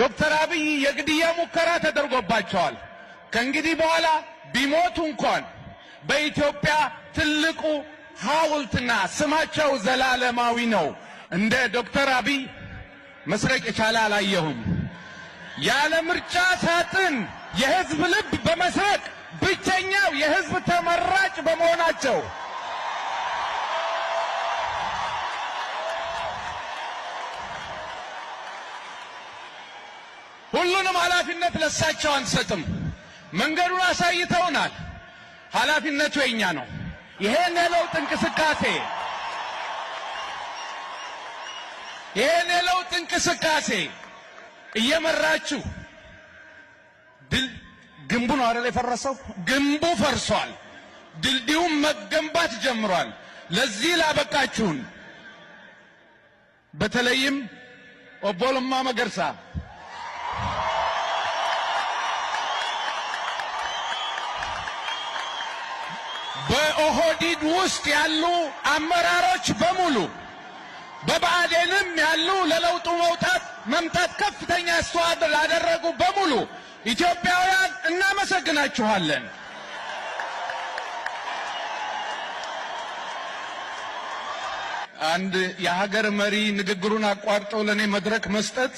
ዶክተር አብይ የግድያ ሙከራ ተደርጎባቸዋል። ከእንግዲህ በኋላ ቢሞቱ እንኳን በኢትዮጵያ ትልቁ ሐውልትና ስማቸው ዘላለማዊ ነው። እንደ ዶክተር አብይ መስረቅ የቻለ አላየሁም። ያለ ምርጫ ሳጥን የህዝብ ልብ በመስረቅ ብቸኛው የህዝብ ተመራጭ በመሆናቸው ሁሉንም ኃላፊነት ለሳቸው አንሰጥም። መንገዱን አሳይተውናል። ኃላፊነቱ የኛ ነው። ይሄን የለውጥ እንቅስቃሴ ይሄን የለውጥ እንቅስቃሴ እየመራችሁ ድል ግንቡ ነው አይደል የፈረሰው? ግንቡ ፈርሷል። ድልድዩም መገንባት ጀምሯል። ለዚህ ላበቃችሁን በተለይም ኦቦ ለማ መገርሳ በኦሆዲድ ውስጥ ያሉ አመራሮች በሙሉ በብአዴንም ያሉ ለለውጡ መውጣት መምጣት ከፍተኛ አስተዋጽኦ ላደረጉ በሙሉ ኢትዮጵያውያን እናመሰግናችኋለን። አንድ የሀገር መሪ ንግግሩን አቋርጦ ለእኔ መድረክ መስጠት